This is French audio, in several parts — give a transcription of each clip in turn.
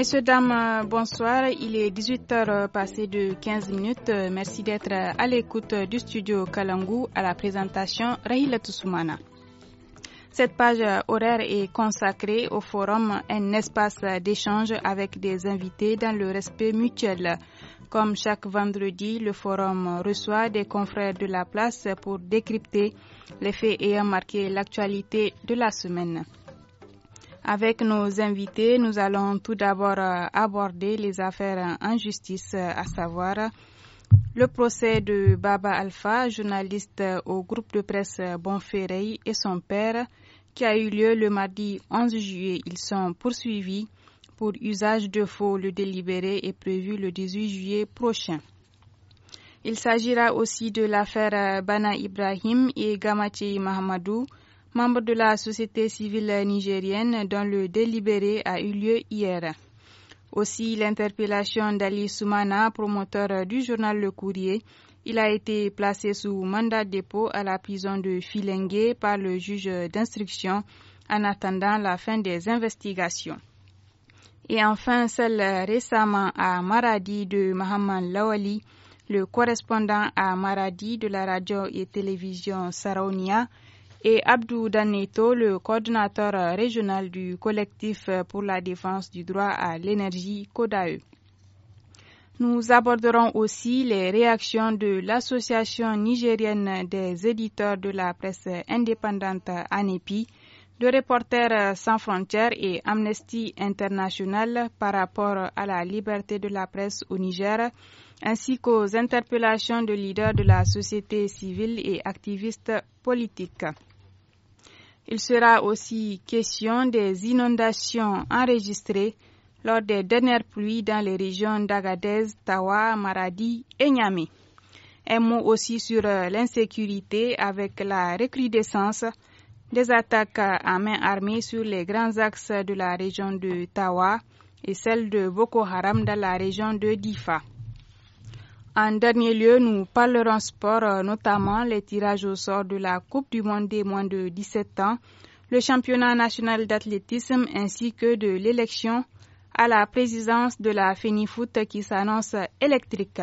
Messieurs, dames, bonsoir. Il est 18h passé de 15 minutes. Merci d'être à l'écoute du studio Kalangu à la présentation Rahila Toussoumana. Cette page horaire est consacrée au forum, un espace d'échange avec des invités dans le respect mutuel. Comme chaque vendredi, le forum reçoit des confrères de la place pour décrypter les faits ayant marqué l'actualité de la semaine. Avec nos invités, nous allons tout d'abord euh, aborder les affaires en justice, euh, à savoir le procès de Baba Alpha, journaliste euh, au groupe de presse Bonferrey et son père, qui a eu lieu le mardi 11 juillet. Ils sont poursuivis pour usage de faux. Le délibéré est prévu le 18 juillet prochain. Il s'agira aussi de l'affaire Bana Ibrahim et Gamache Mahamadou, membre de la société civile nigérienne, dont le délibéré a eu lieu hier. Aussi l'interpellation d'Ali Soumana, promoteur du journal Le Courrier. Il a été placé sous mandat de dépôt à la prison de Filengue par le juge d'instruction en attendant la fin des investigations. Et enfin, celle récemment à Maradi de Mohamed Lawali, le correspondant à Maradi de la radio et télévision Saronia, et Abdou Daneto, le coordinateur euh, régional du collectif euh, pour la défense du droit à l'énergie CODAE. Nous aborderons aussi les réactions de l'Association nigérienne des éditeurs de la presse indépendante ANEPI, de Reporters sans frontières et Amnesty International par rapport à la liberté de la presse au Niger, ainsi qu'aux interpellations de leaders de la société civile et activistes politiques. Il sera aussi question des inondations enregistrées lors des dernières pluies dans les régions d'Agadez, Tawa, Maradi et Niamey. Un mot aussi sur euh, l'insécurité avec la recrudescence des attaques à main armée sur les grands axes de la région de Tawa et celle de Boko Haram dans la région de Difa. En dernier lieu, nous parlerons sport, euh, notamment les tirages au sort de la Coupe du Monde des moins de 17 ans, le championnat national d'athlétisme ainsi que de l'élection à la présidence de la FENIFOOT qui s'annonce électrique.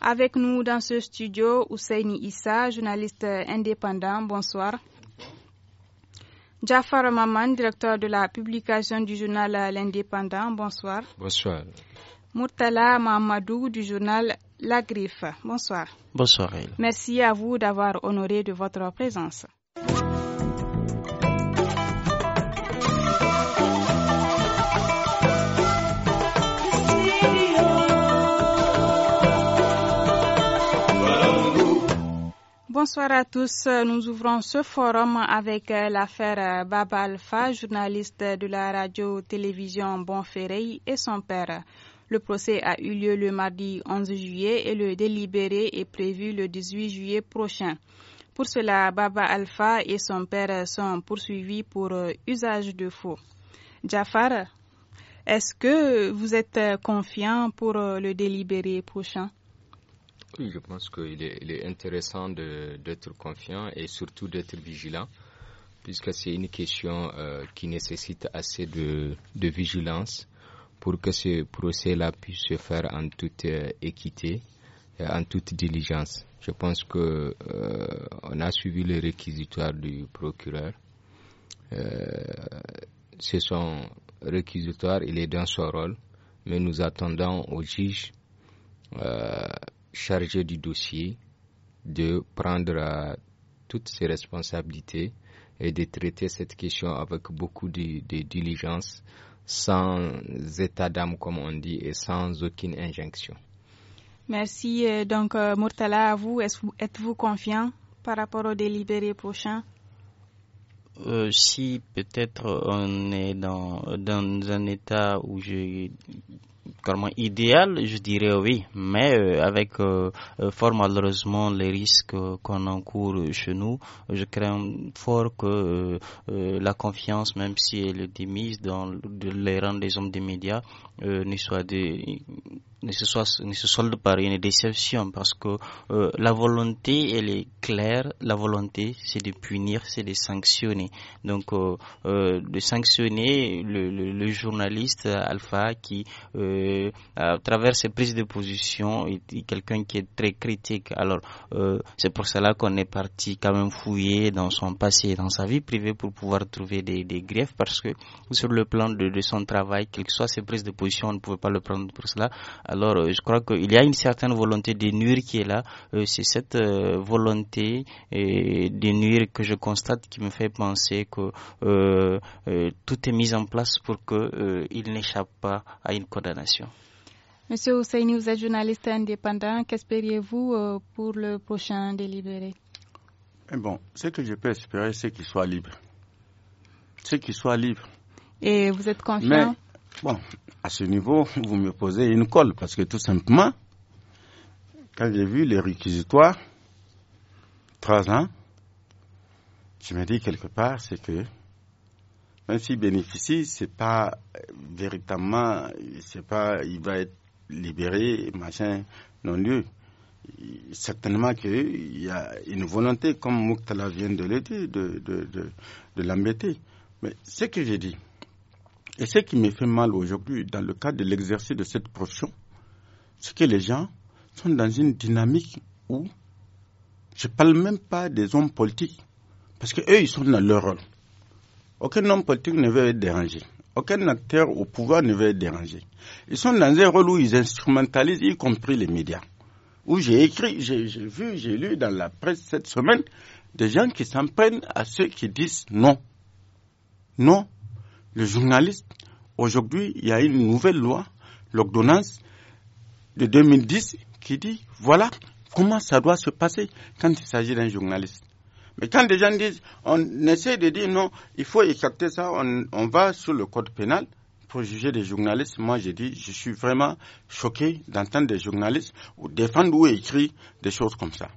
Avec nous dans ce studio, Ousseini Issa, journaliste indépendant. Bonsoir. Jafar Maman, directeur de la publication du journal L'Indépendant. Bonsoir. Bonsoir. Murtala Mamadou du journal la Griffe. Bonsoir. Bonsoir. Merci à vous d'avoir honoré de votre présence. Bonsoir à tous. Nous ouvrons ce forum avec euh, l'affaire euh, Baba Alpha, journaliste de la radio-télévision Bonferrey et son père. Le procès a eu lieu le mardi 11 juillet et le délibéré est prévu le 18 juillet prochain. Pour cela, Baba Alpha et son père sont poursuivis pour euh, usage de faux. Jafar, est-ce que vous êtes euh, confiant pour euh, le délibéré prochain Oui, je pense qu'il est, intéressant d'être confiant et surtout d'être vigilant, puisque c'est une question qui nécessite assez de vigilance pour que ce procès-là puisse se faire en toute euh, équité, et en toute diligence. Je pense que euh, on a suivi les réquisitoire du procureur. Euh, c'est son réquisitoire, il est dans son rôle, mais nous attendons au juge chargé du dossier de prendre toutes ses responsabilités et de traiter cette question avec beaucoup de diligence, sans état d'âme, comme on dit, et sans aucune injonction. Merci. Euh, donc, euh, Murtala, à vous, êtes-vous confiant par rapport au délibéré prochain euh, si peut-être on est dans, dans un état où je carrément idéal, je dirais oui, mais euh, avec euh, euh, fort malheureusement les risques qu'on encourt chez nous, je crains fort que la confiance, même si elle est démise dans les rangs des hommes des médias, ne soit des ne se, soit, ne se solde par une déception parce que euh, la volonté, elle est claire. La volonté, c'est de punir, c'est de sanctionner. Donc, euh, euh, de sanctionner le, journaliste Alpha qui, à travers ses prises de position, est, quelqu'un qui est très critique. Alors, c'est pour cela qu'on est parti quand même fouiller dans son passé et dans sa vie privée pour pouvoir trouver des, des griefs parce que sur le plan de, son travail, quelles que soient ses prises de position, on ne pouvait pas le prendre pour cela. Alors, euh, je crois qu'il y a une certaine volonté de nuire qui est là. Euh, c'est cette euh, volonté de nuire que je constate qui me fait penser que tout est mis en place pour qu'il n'échappe pas à une condamnation. Monsieur Ousseini, vous êtes journaliste indépendant. Qu'espériez-vous pour le prochain délibéré Eh Bon, ce que je peux espérer, c'est qu'il soit libre. C'est qu'il soit libre. Et vous êtes confiant Bon, à ce niveau, vous me posez une colle, parce que tout simplement, quand j'ai vu les réquisitoires, trois ans, je me dis quelque part, c'est que même s'il bénéficie, c'est pas véritablement, c'est pas, il va être libéré, machin, non-lieu. Certainement qu'il y a une volonté, comme Mouktala vient de le de, de, de, de l'embêter. Mais ce que j'ai dit, et ce qui me fait mal aujourd'hui, dans le cadre de l'exercice de cette profession, c'est que les gens sont dans une dynamique où je ne parle même pas des hommes politiques, parce qu'eux, ils sont dans leur rôle. Aucun homme politique ne veut être dérangé. Aucun acteur au pouvoir ne veut être dérangé. Ils sont dans un rôle où ils instrumentalisent, y compris les médias. Où j'ai écrit, j'ai vu, j'ai lu dans la presse cette semaine des gens qui s'en prennent à ceux qui disent non. Non, le journaliste. Aujourd'hui, il y a une nouvelle loi, l'ordonnance de 2010, qui dit voilà comment ça doit se passer quand il s'agit d'un journaliste. Mais quand des gens disent, on essaie de dire non, il faut écarter ça, on, va sur le code pénal pour juger des journalistes. Moi, j'ai dit, je suis vraiment choqué d'entendre des journalistes ou défendre ou écrire des choses comme ça.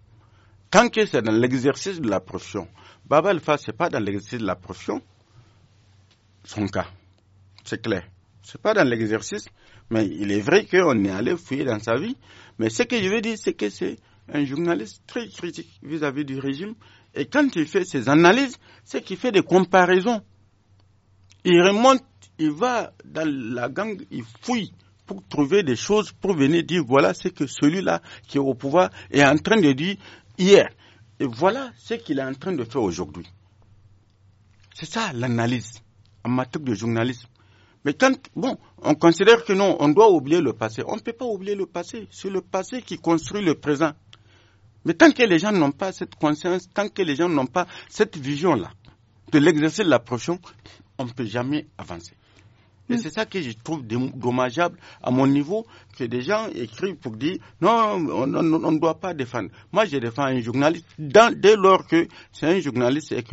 Tant que c'est dans l'exercice de la profession, Baba Alpha, ce n'est pas dans l'exercice de la profession, son cas. C'est clair. Ce n'est pas dans l'exercice, mais il est vrai qu'on est allé fouiller dans sa vie. Mais ce que je veux dire, c'est que c'est un journaliste très critique vis-à-vis -vis du régime. Et quand il fait ses analyses, c'est qu'il fait des comparaisons. Il remonte, il va dans la gang, il fouille pour trouver des choses, pour venir dire voilà ce que celui-là qui est au pouvoir est en train de dire hier. Et voilà ce qu'il est en train de faire aujourd'hui. C'est ça l'analyse en matière de journalisme. Mais quand, bon, on considère que non, on doit oublier le passé. On ne peut pas oublier le passé. C'est le passé qui construit le présent. Mais tant que les gens n'ont pas cette conscience, tant que les gens n'ont pas cette vision-là de l'exercice de la on ne peut jamais avancer. Et mm. c'est ça que je trouve dommageable à mon niveau, que des gens écrivent pour dire non, on ne doit pas défendre. Moi, je défends un journaliste dès lors que c'est un journaliste et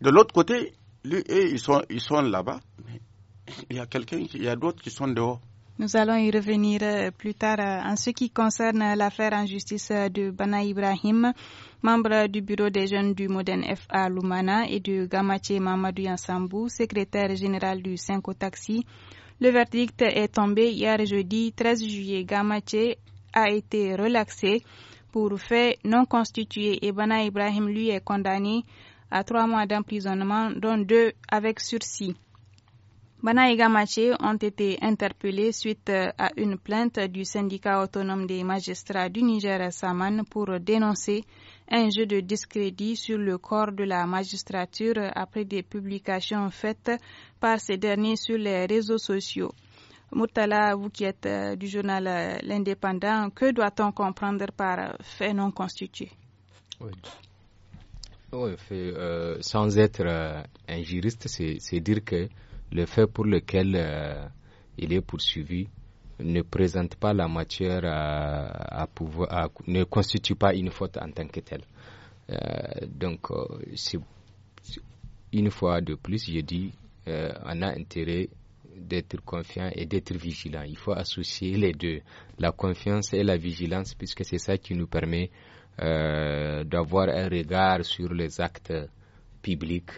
De l'autre côté, lui, ils sont, ils sont là-bas. Il y a quelqu'un, il y a d'autres qui sont dehors. Nous allons y revenir euh, plus tard euh, en ce qui concerne euh, l'affaire en justice de Bana Ibrahim, membre du bureau des jeunes du Modène FA Lumana et de Gamache Mamadou Yansambou, secrétaire général du 5 Taxi. Le verdict est tombé hier jeudi 13 juillet. Gamache a été relaxé pour fait non constitué et Bana Ibrahim lui est condamné à trois mois d'emprisonnement, dont deux avec sursis. Bana et Gamache ont été interpellés suite euh, à une plainte du syndicat autonome des magistrats du Niger à Saman pour dénoncer un jeu de discrédit sur le corps de la magistrature après des publications faites par ces derniers sur les réseaux sociaux. Murtala, vous qui êtes du journal euh, L'Indépendant, que doit-on comprendre par fait non constitué oui, oh, fait, euh, sans être euh, un juriste, c'est dire que le fait pour lequel euh, il est poursuivi ne présente pas la matière à, pouvoir, ne constitue pas une faute en tant que telle. donc, une fois de plus, je dis, on a intérêt d'être confiant et d'être vigilant. Il faut associer les deux, la confiance et la vigilance, puisque c'est ça qui nous permet euh, d'avoir un regard sur les actes publics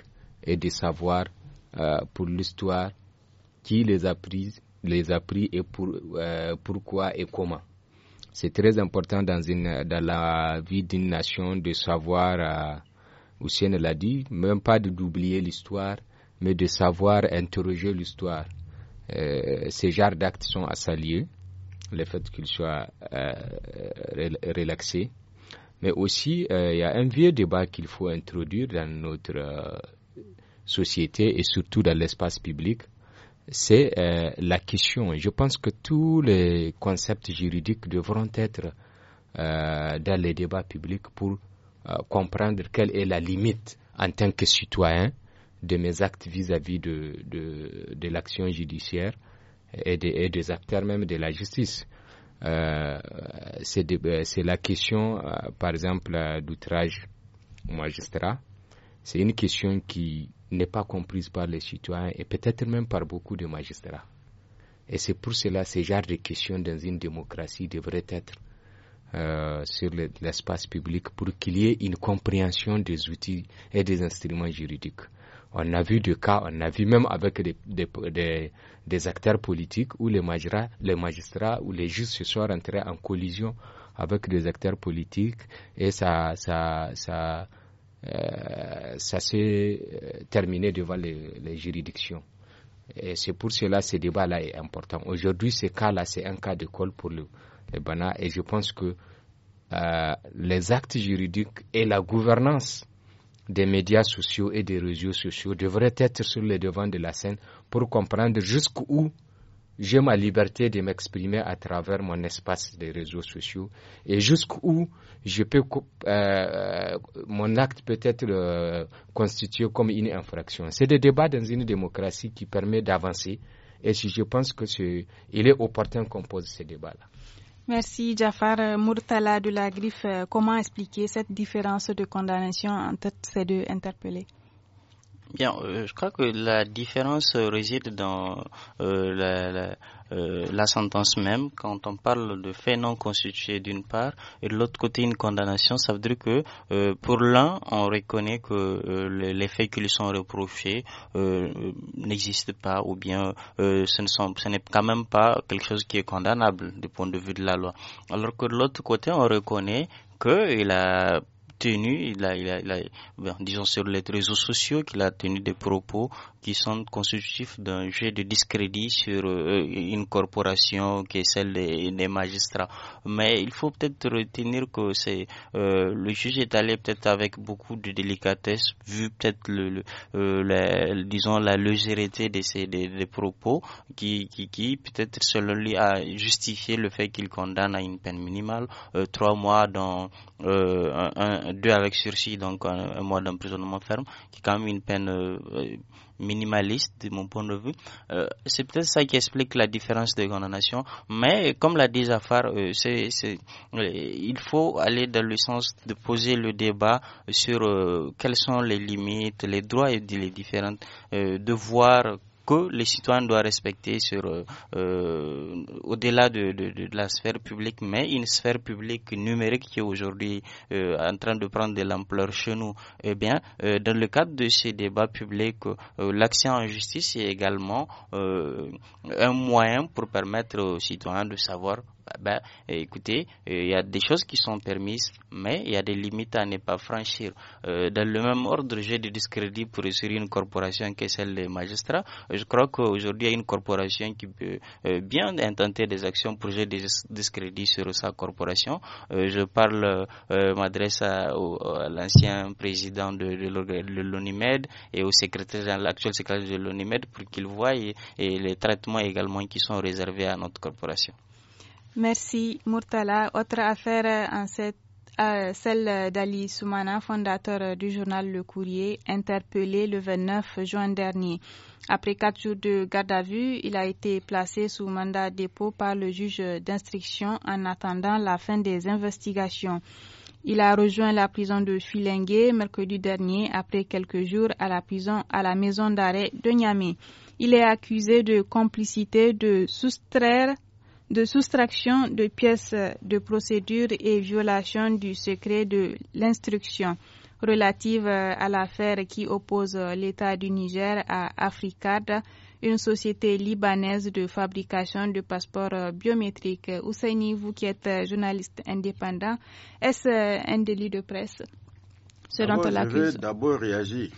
et de savoir euh, pour l'histoire qui les a pris, les a pris et pour, euh, pourquoi et comment. C'est très important dans, une, dans la vie d'une nation de savoir, elle l'a dit, même pas d'oublier l'histoire, mais de savoir interroger l'histoire. ces genres d'actes sont à saluer, le fait qu'ils soient relaxés, mais aussi, euh, il y a un vieux débat qu'il faut introduire dans notre euh, société et surtout dans l'espace public, c'est euh, la question. Je pense que tous les concepts juridiques devront être dans les débats publics pour comprendre quelle est la limite en tant que citoyen de mes actes vis-à-vis de, de, l'action judiciaire et, des acteurs même de la justice. Euh, euh, c'est la question, euh, par exemple, d'outrage au magistrat. C'est une question qui n'est pas comprise par les citoyens et peut-être même par beaucoup de magistrats. Et c'est pour cela que ce genre de questions dans une démocratie devrait être euh, sur l'espace public pour qu'il y ait une compréhension des outils et des instruments juridiques. On a vu des cas, on a vu même avec des, des, acteurs politiques où les magistrats, les magistrats ou les juges se sont rentrés en collision avec des acteurs politiques et ça, ça, ça, euh, s'est euh, terminé devant les, juridictions. Et c'est pour cela que ce débat-là est important. Aujourd'hui, ce cas-là, c'est un cas de col pour le, le Bana et je pense que euh, les actes juridiques et la gouvernance des médias sociaux et des réseaux sociaux devraient être sur les devant de la scène pour comprendre jusqu'où j'ai ma liberté de m'exprimer à travers mon espace des réseaux sociaux et jusqu'où je peux euh, mon acte peut être euh, constitué comme une infraction. C'est des débats dans une démocratie qui permet d'avancer et je pense que il est opportun qu'on pose ces débats-là. Merci Jafar euh, Murtala de la Griffe. Euh, comment expliquer cette différence de condamnation entre ces deux interpellés Bien, euh, je crois que la différence réside dans la euh, la sentence même, quand on parle de faits non constitués d'une part, et de l'autre côté une condamnation, ça veut dire que euh, pour l'un, on reconnaît que euh, les faits qui lui sont reprochés n'existent pas, ou bien ce ce n'est quand même pas quelque chose qui est condamnable du point de vue de la loi. Alors que de l'autre côté, on reconnaît que il a tenu, il a, il a, ben, disons sur les réseaux sociaux, qu'il a tenu des propos qui sont constitutifs d'un jeu de discrédit sur euh, une corporation qui est celle des, magistrats. Mais il faut peut-être retenir que c'est euh, le juge est allé peut-être avec beaucoup de délicatesse, vu peut-être le, euh, la, disons la légèreté de ces des, des propos qui, qui, peut-être selon lui a justifié le fait qu'il condamne à une peine minimale trois mois dans un deux avec sursis, donc euh, un, mois d'emprisonnement ferme, qui est quand même une peine euh, euh, minimaliste de mon point de vue. c'est peut-être ça qui explique la différence de condamnation, mais comme l'a dit Zafar, c'est, il faut aller dans le sens de poser le débat sur quelles sont les limites, les droits et les différentes, de voir que les citoyens doivent respecter euh, au-delà de, la sphère publique, mais une sphère publique numérique qui est aujourd'hui euh, en train de prendre de l'ampleur chez nous. Eh bien, euh, dans le cadre de ces débats publics, l'accès en justice est également un moyen pour permettre aux citoyens de savoir ah ben, écoutez, euh, il y a des choses qui sont permises, mais il y a des limites à ne pas franchir. Euh, dans le même ordre, j'ai des discrédits pour une corporation que celle des magistrats. Je crois qu'aujourd'hui, il y a une corporation qui peut euh, bien intenter des actions pour jeter des discrédits sur sa corporation. je parle, m'adresse à, l'ancien président de, de l'ONIMED et au secrétaire, l'actuel secrétaire de l'ONIMED pour qu'il voie les traitements également qui sont réservés à notre corporation. Merci, Murtala. Autre affaire euh, en cette euh, celle d'Ali Soumana, fondateur du journal Le Courrier, interpellé le 29 juin dernier. Après quatre jours de garde à vue, il a été placé sous mandat dépôt par le juge d'instruction en attendant la fin des investigations. Il a rejoint la prison de Filengue mercredi dernier après quelques jours à la prison à la maison d'arrêt de Niamey. Il est accusé de complicité de soustraire de soustraction de pièces de procédure et violation du secret de l'instruction relative à l'affaire qui oppose l'État du Niger à Africard, une société libanaise de fabrication de passeports biométriques. Ousseini, vous qui êtes journaliste indépendant, est-ce un délit de presse selon la Je vais d'abord réagir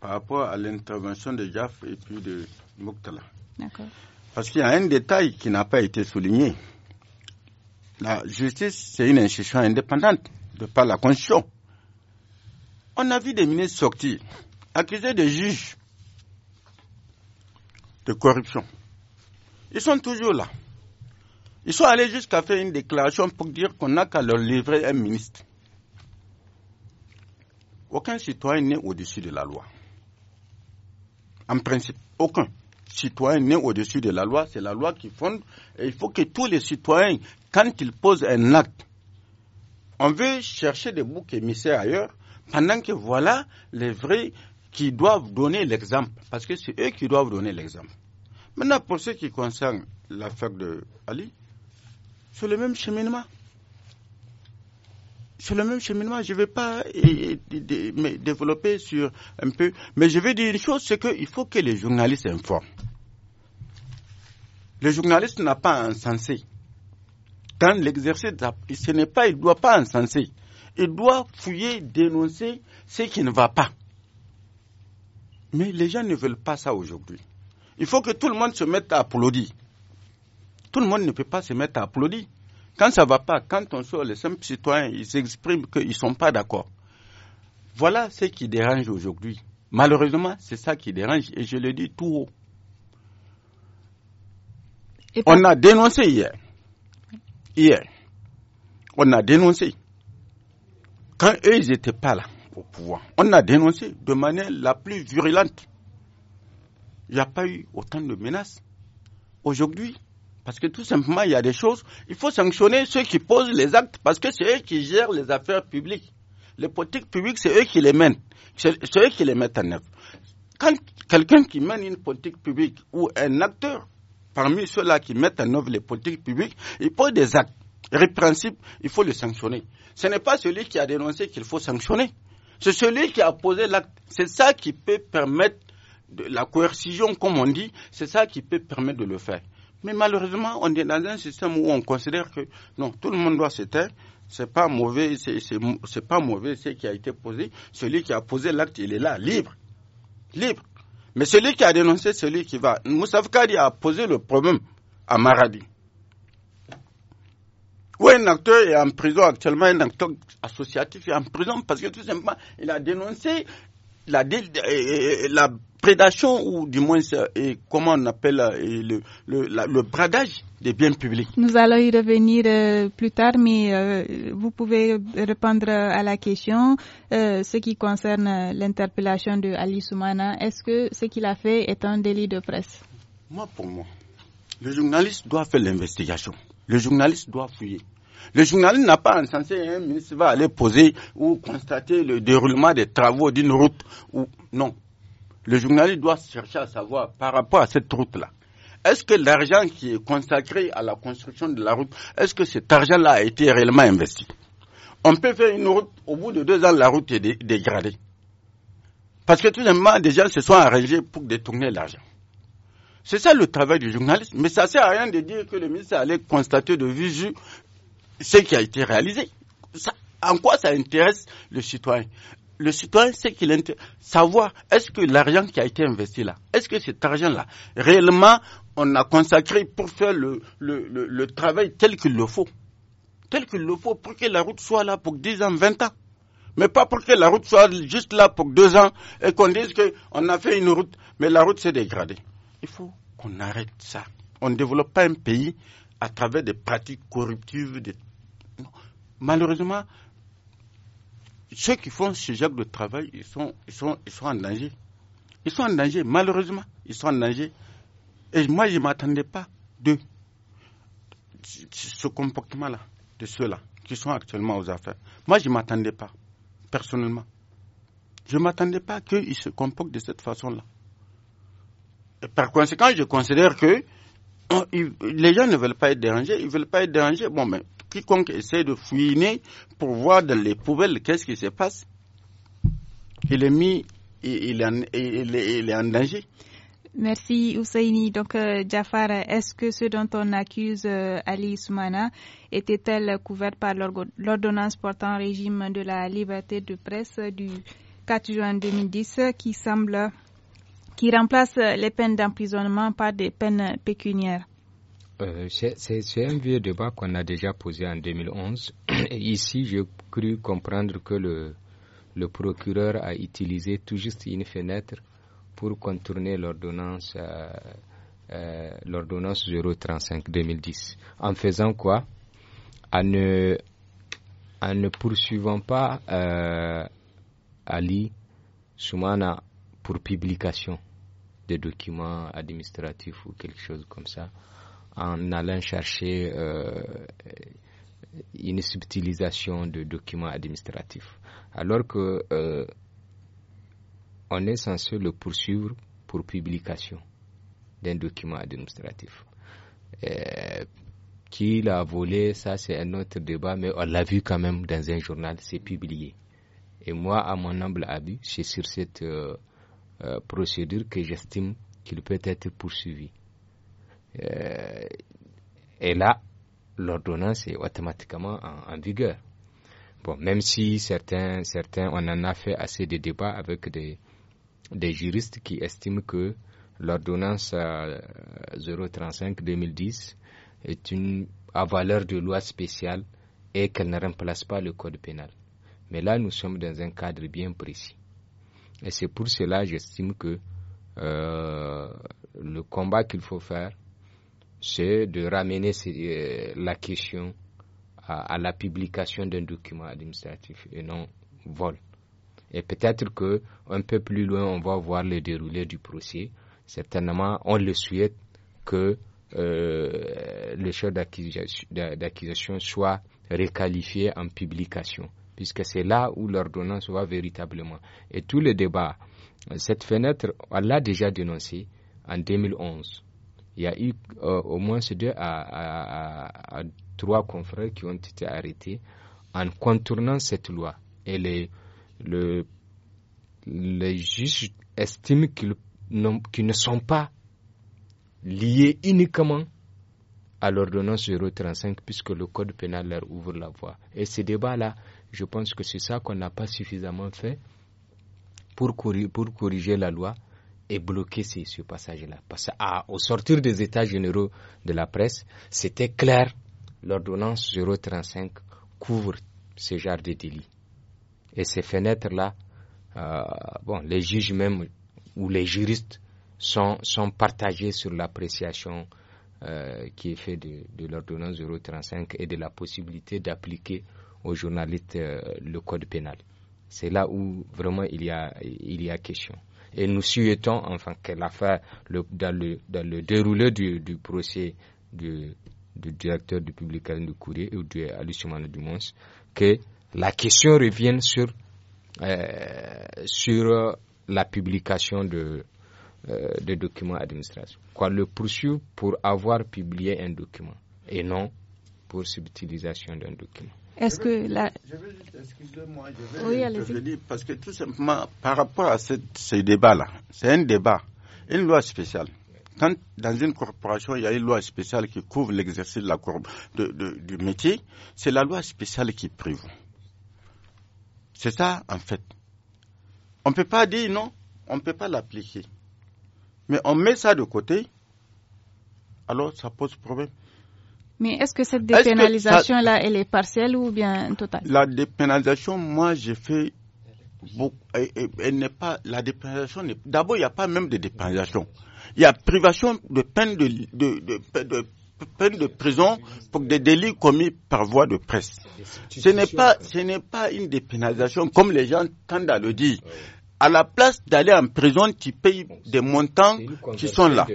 par rapport à l'intervention de Jaff et puis de Mouktala. D'accord. Parce qu'il y a un détail qui n'a pas été souligné. La justice, c'est une institution indépendante de par la Constitution. On a vu des ministres sortir, accusés de juges de corruption. Ils sont toujours là. Ils sont allés jusqu'à faire une déclaration pour dire qu'on n'a qu'à leur livrer un ministre. Aucun citoyen n'est au-dessus de la loi. En principe, aucun citoyen nés au-dessus de la loi, c'est la loi qui fonde. Et il faut que tous les citoyens, quand ils posent un acte, on veut chercher des boucs émissaires ailleurs, pendant que voilà les vrais qui doivent donner l'exemple, parce que c'est eux qui doivent donner l'exemple. Maintenant, pour ce qui concerne l'affaire de Ali, c'est le même cheminement. Sur le même cheminement. Je ne vais pas me développer sur un peu. Mais je vais dire une chose, c'est qu'il faut que les journalistes informent. Le journaliste n'a pas sensé. Dans l'exercice, ce n'est pas, il ne doit pas sensé. Il doit fouiller, dénoncer ce qui ne va pas. Mais les gens ne veulent pas ça aujourd'hui. Il faut que tout le monde se mette à applaudir. Tout le monde ne peut pas se mettre à applaudir. Quand ça ne va pas, quand on sort les simples citoyens, ils s'expriment qu'ils ne sont pas d'accord. Voilà ce qui dérange aujourd'hui. Malheureusement, c'est ça qui dérange et je le dis tout haut. on a dénoncé hier. Hier. On a dénoncé. Quand eux, ils n'étaient pas là au pouvoir, on a dénoncé de manière la plus virulente. Il n'y a pas eu autant de menaces. Aujourd'hui, parce que tout simplement, il y a des choses, il faut sanctionner ceux qui posent les actes, parce que c'est eux qui gèrent les affaires publiques. Les politiques publiques, c'est eux qui les mènent, c'est eux qui les mettent en œuvre. Quand quelqu'un qui mène une politique publique ou un acteur parmi ceux-là qui mettent en œuvre les politiques publiques, il pose des actes répréhensibles, il faut le sanctionner. Ce n'est pas celui qui a dénoncé qu'il faut sanctionner, c'est celui qui a posé l'acte. C'est ça qui peut permettre la coercition, comme on dit, c'est ça qui peut permettre de le faire. Mais malheureusement, on est dans un système où on considère que non, tout le monde doit se taire. C'est pas mauvais, c'est pas mauvais ce qui a été posé. Celui qui a posé l'acte, il est là, libre, libre. Mais celui qui a dénoncé, celui qui va. Moussaf Kadi a posé le problème à Maradi. Où un acteur est en prison actuellement, un acteur associatif est en prison parce que tout simplement, il a dénoncé la, euh, euh, la prédation ou du moins euh, comment on appelle euh, le, le, bradage des biens publics. Nous allons y revenir euh, plus tard, mais vous pouvez répondre à la question ce qui concerne l'interpellation de Ali Soumana. Est-ce que ce qu'il a fait est un délit de presse Moi, pour moi, le journaliste doit faire l'investigation. Le journaliste doit fouiller. Le journaliste n'a pas un ministre va aller poser ou constater le déroulement des travaux d'une route ou non. Le journaliste doit chercher à savoir par rapport à cette route-là. Est-ce que l'argent qui est consacré à la construction de la route, est-ce que cet argent-là a été réellement investi On peut faire une route, au bout de deux ans, la route est dégradée. Parce que tout simplement, des gens se sont arrangés pour détourner l'argent. C'est ça le travail du journaliste. Mais ça sert à rien de dire que le ministre allait constater de visu ce qui a été réalisé. en quoi ça intéresse le citoyen le citoyen, sait qu'il savoir est-ce que l'argent qui a été investi là, est-ce que cet argent-là, réellement, on a consacré pour faire le, travail tel qu'il le faut, tel qu'il le faut pour que la route soit là pour 10 ans, 20 ans. Mais pas pour que la route soit juste là pour 2 ans et qu'on dise qu'on a fait une route, mais la route s'est dégradée. Il faut qu'on arrête ça. On ne développe pas un pays à travers des pratiques corruptives. Malheureusement, ceux qui font ce genre de travail, ils sont, ils ils sont en danger. Ils sont en danger, malheureusement, ils sont en danger. Et moi, je ne m'attendais pas de ce comportement-là, de ceux-là, qui sont actuellement aux affaires. Moi, je ne m'attendais pas, personnellement. Je ne m'attendais pas qu'ils se comportent de cette façon-là. Par conséquent, je considère que oh, les gens ne veulent pas être dérangés, ils ne veulent pas être dérangés. Bon, mais quiconque essaie de fouiner pour voir dans les poubelles qu'est-ce qui se passe, il est mis, il est il est, en danger. Merci Ousseini. Donc, euh, Jafar, est-ce que ce dont on accuse euh, Ali Soumana était-elle couverte par l'ordonnance portant régime de la liberté de presse du 4 juin 2010 qui semble qui remplace les peines d'emprisonnement par des peines pécuniaires euh, c'est un vieux débat qu'on a déjà posé en 2011. Et ici, j'ai cru comprendre que le, procureur a utilisé tout juste une fenêtre pour contourner l'ordonnance euh, euh, l'ordonnance 035 2010 en faisant quoi en ne, poursuivant pas Ali Soumana pour publication des documents administratifs ou quelque chose comme ça en allant chercher euh, une subtilisation de documents administratifs. Alors que euh, on est censé le poursuivre pour publication d'un document administratif. Euh, qui l'a volé, ça c'est un autre débat, mais on l'a vu quand même dans un journal, c'est publié. Et moi, à mon humble avis, c'est sur cette procédure que j'estime qu'il peut être poursuivi. Euh, et là, l'ordonnance est automatiquement en, vigueur. Bon, même si certains, certains, on en a fait assez de débats avec des, des juristes qui estiment que l'ordonnance 035-2010 euh, est une à valeur de loi spéciale et qu'elle ne remplace pas le code pénal. Mais là, nous sommes dans un cadre bien précis. Et c'est pour cela, j'estime que euh, le combat qu'il faut faire, c'est de ramener euh, la question à, la publication d'un document administratif et non vol. Et peut-être que un peu plus loin, on va voir le déroulé du procès. Certainement, on le souhaite que euh, le chef d'accusation soit requalifié en publication, puisque c'est là où l'ordonnance va véritablement. Et tout le débat, cette fenêtre, on l'a déjà dénoncé en 2011. Il y a eu euh, au moins deux à, trois confrères qui ont été arrêtés en contournant cette loi. Et les, les juges estiment qu'ils ne sont pas liés uniquement à l'ordonnance 035 puisque le code pénal leur ouvre la voie. Et ces débats-là, je pense que c'est ça qu'on n'a pas suffisamment fait pour, pour corriger la loi et bloquer ce, passage-là. Ah, au sortir des états généraux de la presse, c'était clair, l'ordonnance 035 couvre ce genre de délit. Et ces fenêtres-là, euh, bon, les juges même ou les juristes sont, sont partagés sur l'appréciation euh, qui est faite de, l'ordonnance 035 et de la possibilité d'appliquer aux journalistes euh, le code pénal. C'est là où vraiment il y a, il y a question. Et nous souhaitons enfin que l'affaire, le, dans, le, déroulé du, procès du, directeur du publication du courrier ou du Alusumane du Mons, que la question revienne sur, euh, sur euh, la publication de, euh, documents administratifs. Quoi, le poursuivre pour avoir publié un document et non pour subtilisation d'un document. Est-ce que Je veux juste, excusez-moi, je veux oui, parce que tout simplement, par rapport à ce débat-là, c'est un débat, une loi spéciale. Quand dans une corporation, il y a une loi spéciale qui couvre l'exercice de la du métier, c'est la loi spéciale qui prive. C'est ça, en fait. On ne peut pas dire non, on ne peut pas l'appliquer. Mais on met ça de côté, alors ça pose problème. Mais est-ce que cette dépénalisation-là, elle est partielle ou bien totale La dépénalisation, moi, j'ai fait beaucoup. Elle, n'est pas. La dépénalisation. D'abord, il n'y a pas même de dépénalisation. Il y a privation de peine de, de, peine de prison pour des délits commis par voie de presse. Ce n'est pas, ce n'est pas une dépénalisation comme les gens tendent à le dire. À la place d'aller en prison, tu payes des montants qui sont là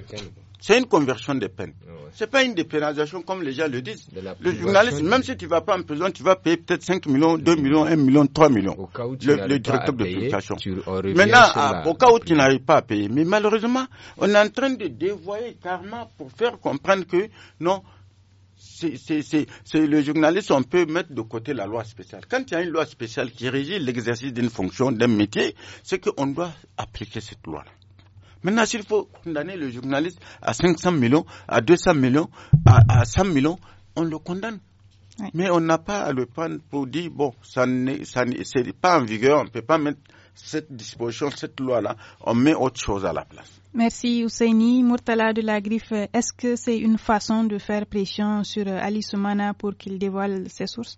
c'est une conversion de peine. Ce n'est pas une dépénalisation comme les gens le disent. Le journaliste, même si tu vas pas en prison, tu vas payer peut-être 5 millions, 2 millions, 1 million, 3 millions. le, directeur de publication. Maintenant, au cas où tu n'arrives pas à payer. Mais malheureusement, on est en train de dévoyer karma pour faire comprendre que non, c'est le journaliste, on peut mettre de côté la loi spéciale. Quand il y a une loi spéciale qui régit l'exercice d'une fonction, d'un métier, c'est qu'on doit appliquer cette loi-là. Maintenant, s'il faut condamner le journaliste à 500 millions, à 200 millions, à, 100 millions, on le condamne. Mais on n'a pas le prendre pour dire, bon, ça n'est pas en vigueur, on ne peut pas mettre cette disposition, cette loi-là, on met autre chose à la place. Merci Ousseini. Murtala de la Griffe, est-ce que c'est une façon de faire pression sur Ali Soumana pour qu'il dévoile ses sources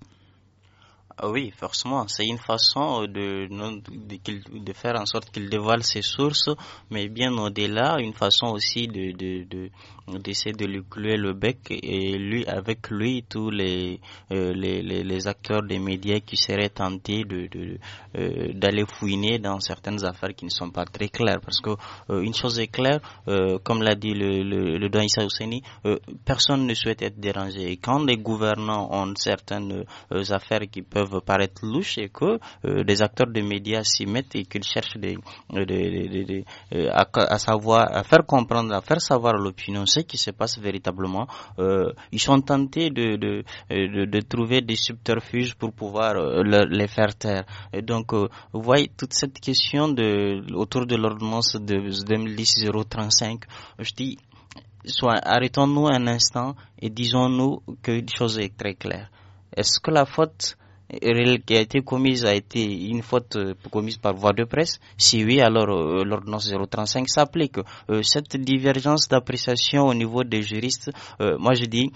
ah oui, forcément, c'est une façon euh, de, de, faire en sorte qu'il dévoile ses sources, mais bien au-delà, une façon aussi de, de, d'essayer de lui clouer le bec et lui avec lui tous euh, les les, les, acteurs des médias qui seraient tentés de euh, d'aller fouiner dans certaines affaires qui ne sont pas très claires parce que euh, une chose est claire comme l'a dit le le, le Don Issa Ouseni, personne ne souhaite être dérangé et quand les gouvernants ont certaines affaires qui peuvent paraître louches et que des acteurs des médias s'y mettent et qu'ils cherchent des, à, savoir à faire comprendre à faire savoir l'opinion qui se passe véritablement. Euh, ils sont tentés de, de, de, trouver des subterfuges pour pouvoir euh, les faire taire. Et donc, euh, vous voyez, toute cette question de, autour de l'ordonnance de 2010-035, je dis, soit arrêtons-nous un instant et disons-nous qu'une chose est très claire. Est-ce que la faute qui a été commise a été une faute euh, commise par voie de presse Si oui, alors euh, l'ordonnance 035 s'applique. Euh, cette divergence d'appréciation au niveau des juristes, moi je dis,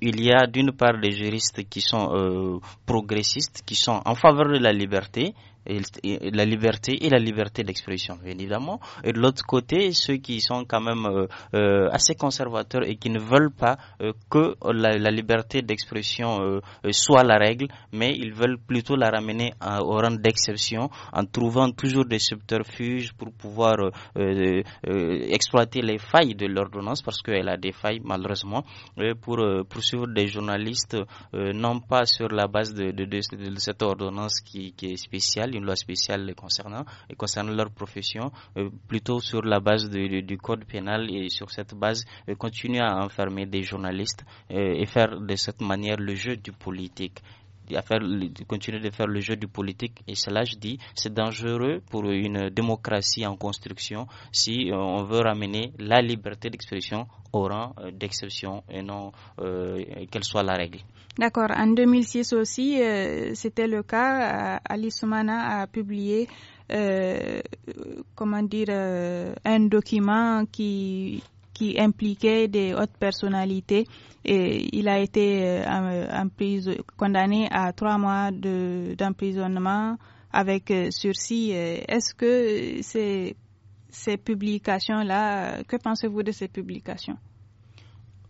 il y a d'une part des juristes qui sont progressistes, qui sont en faveur de la liberté, la liberté et la liberté d'expression, évidemment. Et de l'autre côté, ceux qui sont quand même euh, euh, assez conservateurs et qui ne veulent pas euh, que la, liberté d'expression soit la règle, mais ils veulent plutôt la ramener au rang d'exception en trouvant toujours des subterfuges pour pouvoir exploiter les failles de l'ordonnance, parce qu'elle a des failles malheureusement, pour poursuivre des journalistes non pas sur la base de, cette ordonnance qui est spéciale, une loi spéciale concernant, et concernant leur profession, euh, plutôt sur la base du code pénal et sur cette base, euh, continuer à enfermer des journalistes euh, et faire de cette manière le jeu du politique. continuer de faire le jeu du politique et cela je dis c'est dangereux pour une démocratie en construction si on veut ramener la liberté d'expression au rang d'exception et non qu'elle soit la règle. D'accord. En 2006 aussi, euh, c'était le cas. Euh, Ali Soumana a publié, euh, comment dire, un document qui impliquait des hautes personnalités et il a été en, condamné à trois mois d'emprisonnement avec sursis. Est-ce que ces publications-là, que pensez-vous de ces publications?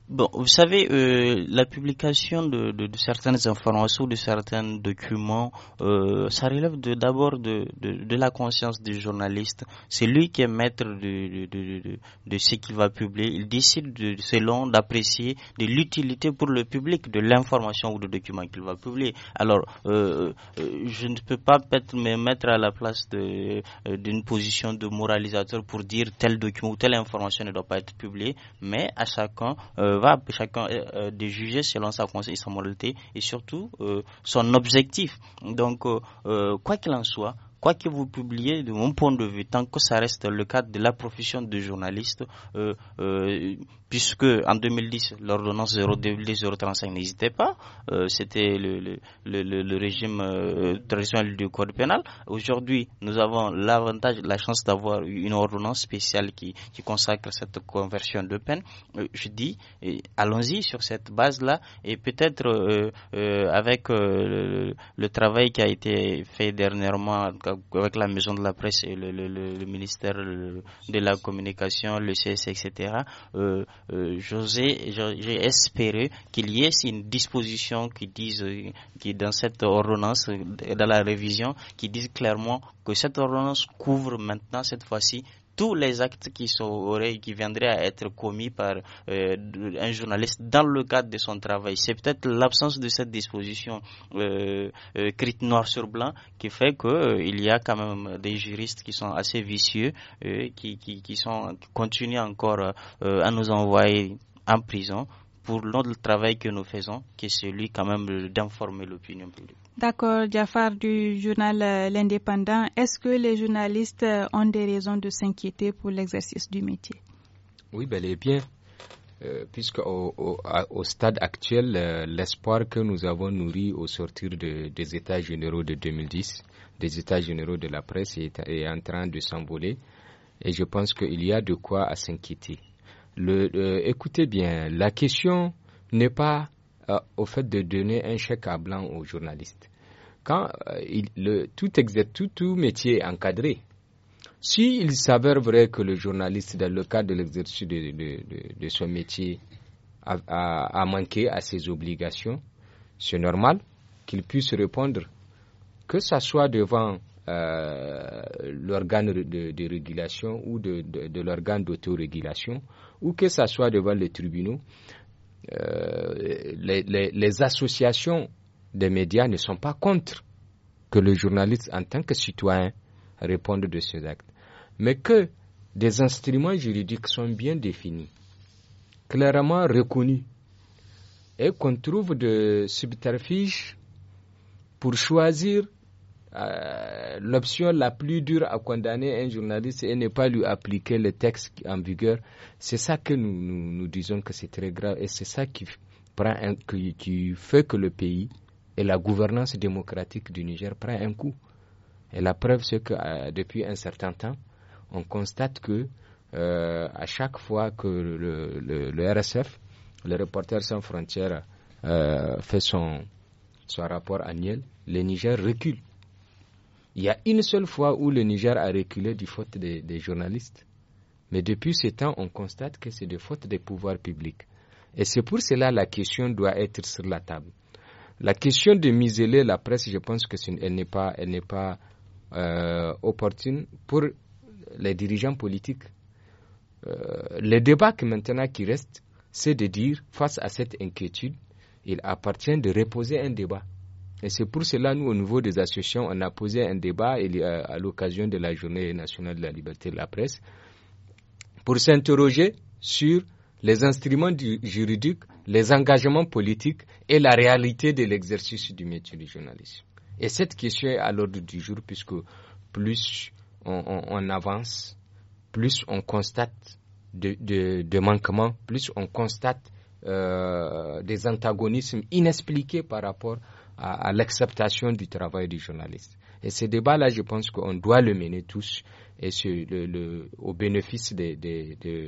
Bon, vous savez, euh, la publication de, certaines informations, ou de certains documents, euh, ça relève d'abord de, la conscience du journaliste. C'est lui qui est maître de, ce qu'il va publier. Il décide, selon, d'apprécier de l'utilité pour le public de l'information ou du document qu'il va publier. Alors, euh, je ne peux pas me mettre à la place d'une position de moralisateur pour dire tel document ou telle information ne doit pas être publiée, mais à chacun chacun euh, de juger selon sa conscience et sa moralité et surtout euh, son objectif. Donc, euh, quoi qu'il en soit, quoi que vous publiez, de mon point de vue, tant que ça reste le cadre de la profession de journaliste, puisque en 2010, l'ordonnance 035 n'existait pas. Euh, c'était le, régime euh, traditionnel du code pénal. Aujourd'hui, nous avons l'avantage, la chance d'avoir une ordonnance spéciale qui, consacre cette conversion de peine. Euh, je dis, allons-y sur cette base-là et peut-être avec le, travail qui a été fait dernièrement avec la maison de la presse et le, ministère de la communication, le CS, etc euh, j'ai espéré qu'il y ait une disposition qui dise, qui dans cette ordonnance, euh, dans la révision, qui dise clairement que cette ordonnance couvre maintenant cette fois-ci tous les actes qui, sont, qui viendraient à être commis par euh, un journaliste dans le cadre de son travail. C'est peut-être l'absence de cette disposition écrite euh, euh, noir sur blanc qui fait qu'il il y a quand même des juristes qui sont assez vicieux, qui, qui, qui, sont, qui continuent encore à nous envoyer en prison pour l'autre travail que nous faisons, qui est celui quand même d'informer l'opinion publique. D'accord, Jafar du journal euh, L'Indépendant. Est-ce que les journalistes euh, ont des raisons de s'inquiéter pour l'exercice du métier Oui, bel et bien. Euh, puisque au, au, stade actuel, l'espoir que nous avons nourri au sortir des États généraux de 2010, des États généraux de la presse, est, en train de s'envoler. Et je pense qu'il y a de quoi s'inquiéter. écoutez bien, la question n'est pas euh, au fait de donner un chèque à blanc au journalistes. Quand euh, il, le, tout, exerce, tout, tout métier est encadré. S'il s'avère vrai que le journaliste, dans le cadre de l'exercice de, de, de, de, son métier, a, a, manqué à ses obligations, c'est normal qu'il puisse répondre, que ce soit devant euh, l'organe de, de, régulation ou de, de, de l'organe d'autorégulation, ou que ce soit devant les tribunaux, euh, les, associations des médias ne sont pas contre que le journaliste en tant que citoyen réponde de ses actes, mais que des instruments juridiques sont bien définis, clairement reconnus, et qu'on trouve de subterfuges pour choisir euh, l'option la plus dure à condamner un journaliste, c'est ne pas lui appliquer le texte en vigueur. C'est ça que nous, nous, disons que c'est très grave et c'est ça qui, prend qui, fait que le pays et la gouvernance démocratique du Niger prend un coup. Et la preuve, c'est que euh, depuis un certain temps, on constate que euh, à chaque fois que le, le, RSF, le Reporter sans frontières, fait son, son rapport annuel, le Niger recule il y a une seule fois où le Niger a reculé du faute des, journalistes. Mais depuis ce temps, on constate que c'est de faute des pouvoirs publics. Et c'est pour cela que la question doit être sur la table. La question de miseler la presse, je pense qu'elle n'est pas, elle n'est pas euh, opportune pour les dirigeants politiques. Euh, le débat que maintenant qui reste, c'est de dire, face à cette inquiétude, il appartient de reposer un débat. Et c'est pour cela, nous, au niveau des associations, on a posé un débat euh, à l'occasion de la Journée nationale de la liberté de la presse pour s'interroger sur les instruments juridiques, les engagements politiques et la réalité de l'exercice du métier du journalisme. Et cette question est à l'ordre du jour puisque plus on, avance, plus on constate de, manquements, plus on constate euh, des antagonismes inexpliqués par rapport à, l'acceptation du travail du journaliste. Et ce débat-là, je pense qu'on doit le mener tous et le, au bénéfice de, de,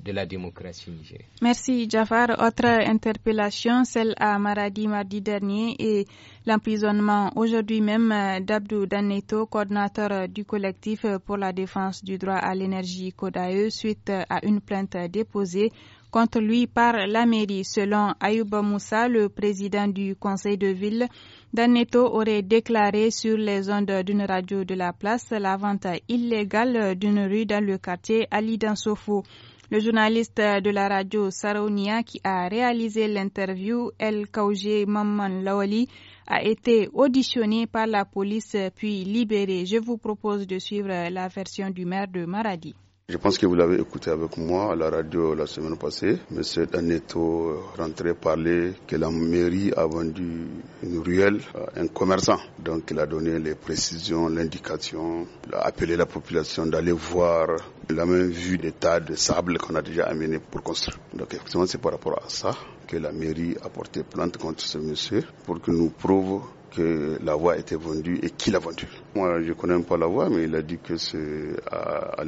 de la démocratie nigérienne. Merci, Jafar. Autre interpellation, celle à Maradi mardi dernier et l'emprisonnement aujourd'hui même euh, d'Abdou Daneto, coordinateur euh, du collectif euh, pour la défense du droit à l'énergie CODAE, suite à une plainte déposée contre lui par la mairie. Selon Ayuba Moussa, le président du conseil de ville, Daneto aurait déclaré sur les ondes d'une radio de la place la vente illégale d'une rue dans le quartier Ali Dansofo. Le journaliste de la radio Saronia qui a réalisé l'interview El Kaouje Mamman Lawali a été auditionné par la police puis libéré. Je vous propose de suivre la version du maire de Maradi. Je pense que vous l'avez écouté avec moi à la radio la semaine passée. Monsieur Daneto rentrait parler que la mairie a vendu une ruelle à un commerçant. Donc il a donné les précisions, l'indication, il a appelé la population d'aller voir. la même vue des tas de sable qu'on a déjà amené pour construire. Donc effectivement c'est par rapport à ça que la mairie a porté plainte contre ce monsieur pour que nous prouve que la voix était vendue et qui l'a vendue. Moi, je connais pas la voie, mais il a dit que c'est à,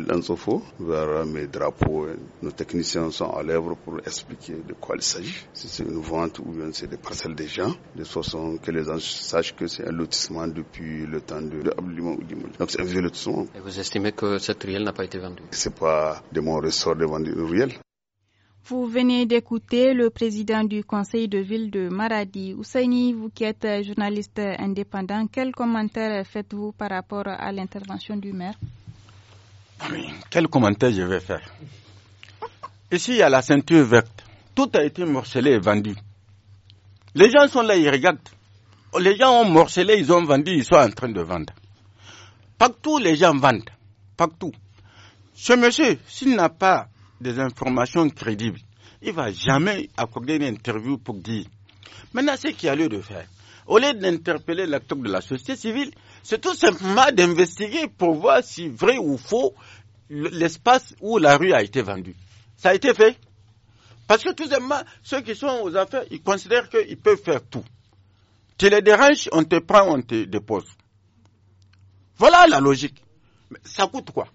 vers mes drapeaux. Nos techniciens sont à l'œuvre pour expliquer de quoi il s'agit. Si c'est une vente ou bien c'est des parcelles des gens, de façon que les gens sachent que c'est un lotissement depuis le temps de, de Donc c'est un vieux lotissement. Et vous estimez que cette ruelle n'a pas été vendue C'est pas de mon ressort de vendre une ruelle. Vous venez d'écouter le président du conseil de ville de Maradi. Ousseini, vous qui êtes journaliste indépendant, quel commentaire faites-vous par rapport à l'intervention du maire Quel commentaire je vais faire Ici, il y a la ceinture verte. Tout a été morcelé et vendu. Les gens sont là, ils regardent. Les gens ont morcelé, ils ont vendu, ils sont en train de vendre. Partout, les gens vendent. Partout. Ce monsieur, s'il n'a pas des informations crédibles. Il ne va jamais accorder une interview pour dire. Maintenant, ce qu'il y a lieu de faire, au lieu d'interpeller l'acteur de la société civile, c'est tout simplement d'investiguer pour voir si vrai ou faux l'espace où la rue a été vendue. Ça a été fait. Parce que tout simplement, ceux qui sont aux affaires, ils considèrent qu'ils peuvent faire tout. Tu les déranges, on te prend, on te dépose. Voilà la logique. Mais ça coûte quoi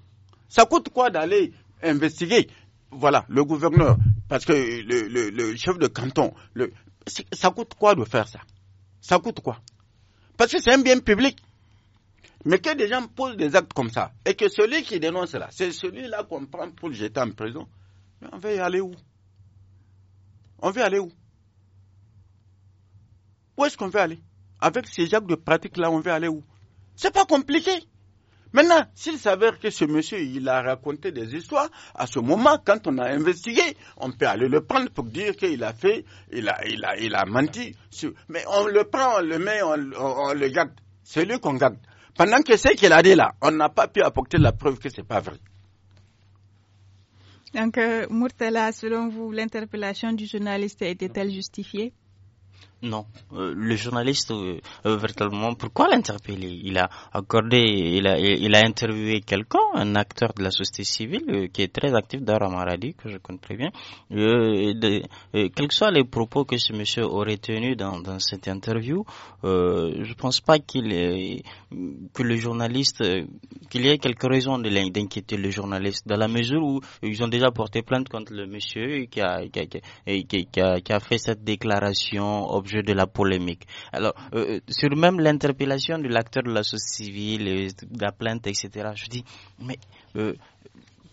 Ça coûte quoi d'aller investiguer voilà, le gouverneur, parce que le, le, le chef de canton, le, ça coûte quoi de faire ça Ça coûte quoi Parce que c'est un bien public. Mais que des gens posent des actes comme ça, et que celui qui dénonce cela, c'est celui-là qu'on prend pour le jeter en prison, on veut y aller où On veut aller où Où est-ce qu'on veut aller Avec ces actes de pratique-là, on veut aller où C'est pas compliqué. Maintenant, s'il s'avère que ce monsieur, il a raconté des histoires, à ce moment, quand on a investigué, on peut aller le prendre pour dire qu'il a fait, il a, il a, il a menti. Mais on le prend, on le met, on, le garde. C'est lui qu'on garde. Pendant que c'est qu'il a dit là, on n'a pas pu apporter la preuve que ce n'est pas vrai. Donc, euh, Murtala, selon vous, l'interpellation du journaliste était-elle justifiée non, euh, le journaliste, euh, euh, pourquoi l'interpeller Il a accordé, il a, il a interviewé quelqu'un, un acteur de la société civile qui est très actif dans Ramaradi, que je connais très bien. quels que soient les propos que ce monsieur aurait tenus dans, cette interview, je pense pas qu'il que le journaliste, qu'il y ait quelques raisons d'inquiéter le journaliste, dans la mesure où ils ont déjà porté plainte contre le monsieur qui qui a, qui a fait cette déclaration de la polémique. Alors, euh, euh, sur même l'interpellation de l'acteur de la société civile, de la plainte, etc., je dis, mais euh,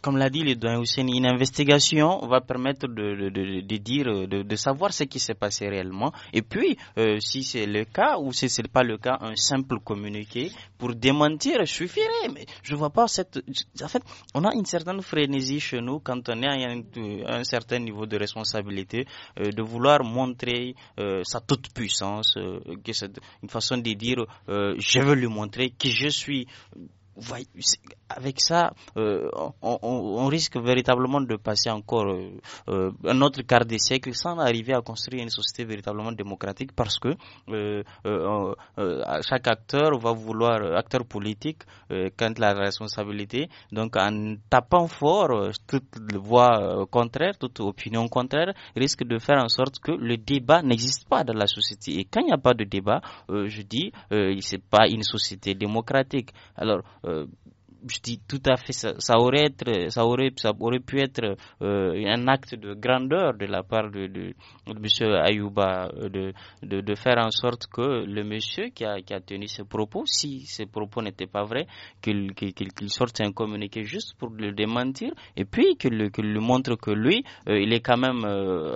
comme l'a dit le doyen Hussein, une investigation va permettre de, dire, de, savoir ce qui s'est passé réellement. Et puis, euh, si c'est le cas ou si ce n'est pas le cas, un simple communiqué pour démentir suffirait. Mais je vois pas cette. En fait, on a une certaine frénésie chez nous quand on est à un, certain niveau de responsabilité, euh, de vouloir montrer euh, sa toute puissance, une façon de dire, je veux lui montrer qui je suis avec ça, euh, on, risque véritablement de passer encore euh, euh, un autre quart de siècle sans arriver à construire une société véritablement démocratique parce que chaque acteur va vouloir, acteur politique, quand la responsabilité, donc en tapant fort toute voix contraire, toute opinion contraire, risque de faire en sorte que le débat n'existe pas dans la société. Et quand il n'y a pas de débat, je dis, c'est pas une société démocratique. Alors, je dis tout à fait, ça, aurait, être, ça, aurait, ça aurait pu être euh, un acte de grandeur de la part de, monsieur M. Ayouba euh, de, de, faire en sorte que le monsieur qui a, qui a tenu ses propos, si ses propos n'étaient pas vrais, qu'il sorte un communiqué juste pour le démentir et puis qu'il lui montre que lui, euh, il est quand même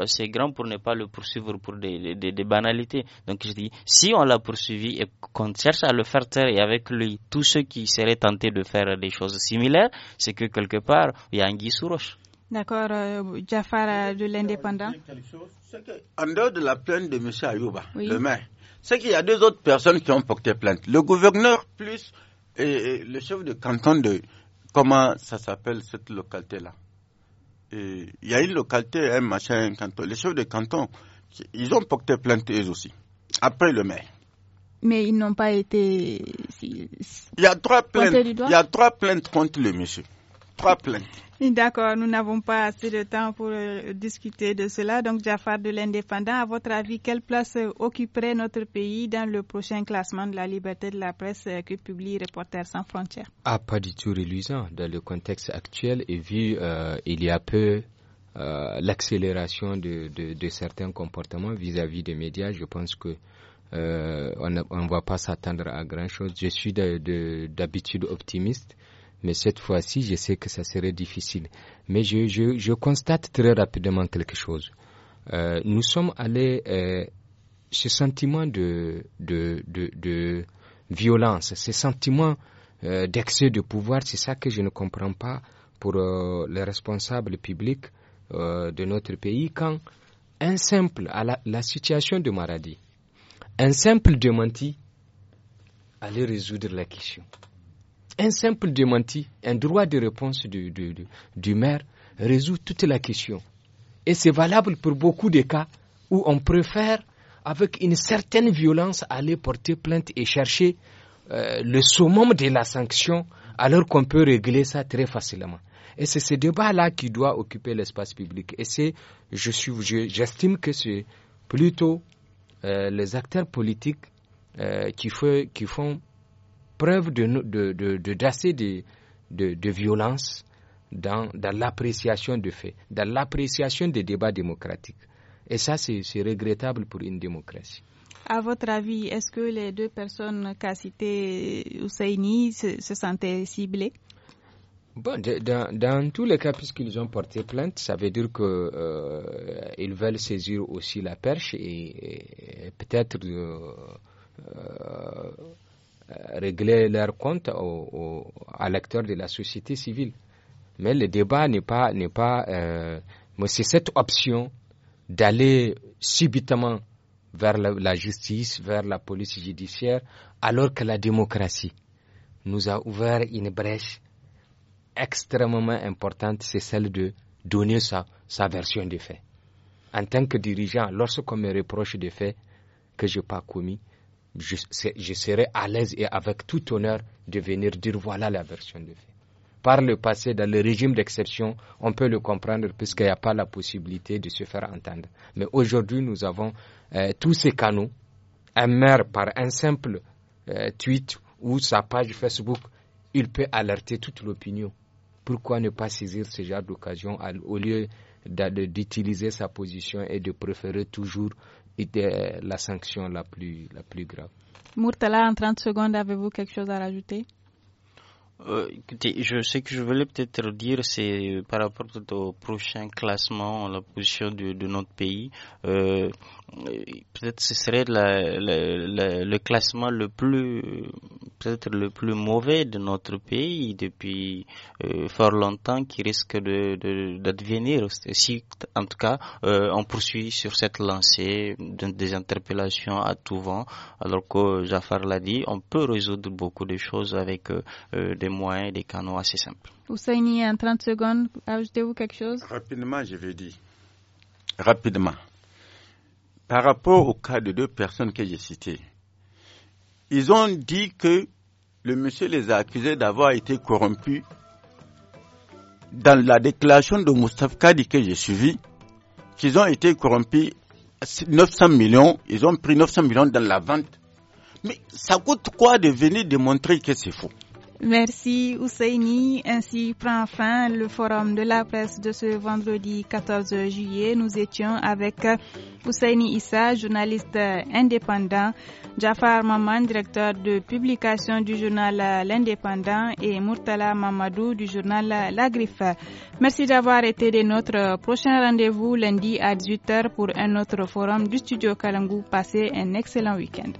assez grand pour ne pas le poursuivre pour des, des, des banalités. Donc je dis, si on l'a poursuivi et qu'on cherche à le faire taire et avec lui, tous ceux qui seraient tentés de faire des choses similaires, c'est que quelque part, il y a un sous roche. D'accord, euh, Jafar euh, de l'Indépendant. En dehors de la plainte de M. Ayouba, le maire, c'est qu'il y a deux autres personnes qui ont porté plainte. Le gouverneur plus et, le chef de canton de... Comment ça s'appelle cette localité-là Il y a une localité, un machin, un canton. Les chefs de canton, ils ont porté plainte eux aussi, après le maire. Mais ils n'ont pas été il y a trois plaintes. Il y a trois plaintes contre le monsieur. Trois plaintes. D'accord, nous n'avons pas assez de temps pour euh, discuter de cela. Donc, Jafar de l'Indépendant, à votre avis, quelle place euh, occuperait notre pays dans le prochain classement de la liberté de la presse euh, que publie Reporters sans frontières Ah, pas du tout reluisant. Dans le contexte actuel, et vu il y a peu l'accélération de, certains comportements vis à -vis des médias, je pense que euh, on ne va pas s'attendre à grand-chose. Je suis d'habitude optimiste, mais cette fois-ci, je sais que ça serait difficile. Mais je, constate très rapidement quelque chose. Euh, nous sommes allés, euh, ce sentiment de, de, violence, ce sentiment d'excès de pouvoir, c'est ça que je ne comprends pas pour les responsables publics de notre pays quand un simple à la, la situation de Maradi, un simple démenti allait résoudre la question. Un simple démenti, un droit de réponse du, maire résout toute la question. Et c'est valable pour beaucoup de cas où on préfère, avec une certaine violence, aller porter plainte et chercher euh, le summum de la sanction, alors qu'on peut régler ça très facilement. Et c'est ce débat-là qui doit occuper l'espace public. Et c'est, je suis, j'estime que c'est plutôt euh, les acteurs politiques euh, qui, font preuve de, de, de, violence dans, l'appréciation des faits, dans l'appréciation des débats démocratiques. Et ça, c'est regrettable pour une démocratie. À votre avis, est-ce que les deux personnes qu'a citées Husseini se sentaient ciblées Bon, dans, tous les cas, puisqu'ils ont porté plainte, ça veut dire qu'ils euh, veulent saisir aussi la perche et, peut-être euh, euh, régler leur compte au, à l'acteur de la société civile. Mais le débat n'est pas, n'est pas, mais c'est cette option d'aller subitement vers la justice, vers la police judiciaire, alors que la démocratie nous a ouvert une brèche extrêmement importante, c'est celle de donner sa, sa version des faits. En tant que dirigeant, lorsqu'on me reproche des faits que je n'ai pas commis, je, serai à l'aise et avec tout honneur de venir dire voilà la version des faits. Par le passé, dans le régime d'exception, on peut le comprendre puisqu'il n'y a pas la possibilité de se faire entendre. Mais aujourd'hui, nous avons euh, tous ces canaux. Un maire, par un simple euh, tweet ou sa page Facebook, il peut alerter toute l'opinion pourquoi ne pas saisir ce genre d'occasion au lieu d'utiliser sa position et de préférer toujours la sanction la plus, la plus grave Murtala, en 30 secondes, avez-vous quelque chose à rajouter euh, écoutez, je sais que je voulais peut-être dire, c'est euh, par rapport au prochain classement, la position de, notre pays. Euh, euh, peut-être ce serait le classement le plus peut-être le plus mauvais de notre pays depuis euh, fort longtemps qui risque de d'advenir si en tout cas euh, on poursuit sur cette lancée des interpellations à tout vent alors que Jafar l'a dit on peut résoudre beaucoup de choses avec des moyens des canaux assez simples. Ousseini, en 30 secondes, ajoutez-vous quelque chose Rapidement, je vais dire. Rapidement par rapport au cas de deux personnes que j'ai citées, ils ont dit que le monsieur les a accusés d'avoir été corrompus. Dans la déclaration de Moustapha Kadi que j'ai suivi, qu'ils ont été corrompus 900 millions, ils ont pris 900 millions dans la vente. Mais ça coûte quoi de venir démontrer que c'est faux Merci Ousseini. Ainsi prend fin le forum de la presse de ce vendredi 14 juillet. Nous étions avec Ousseini Issa, journaliste indépendant, Jafar Maman, directeur de publication du journal L'Indépendant et Murtala Mamadou du journal La Griffe. Merci d'avoir été de notre prochain rendez-vous lundi à 18h pour un autre forum du studio Kalangu. Passez un excellent week-end.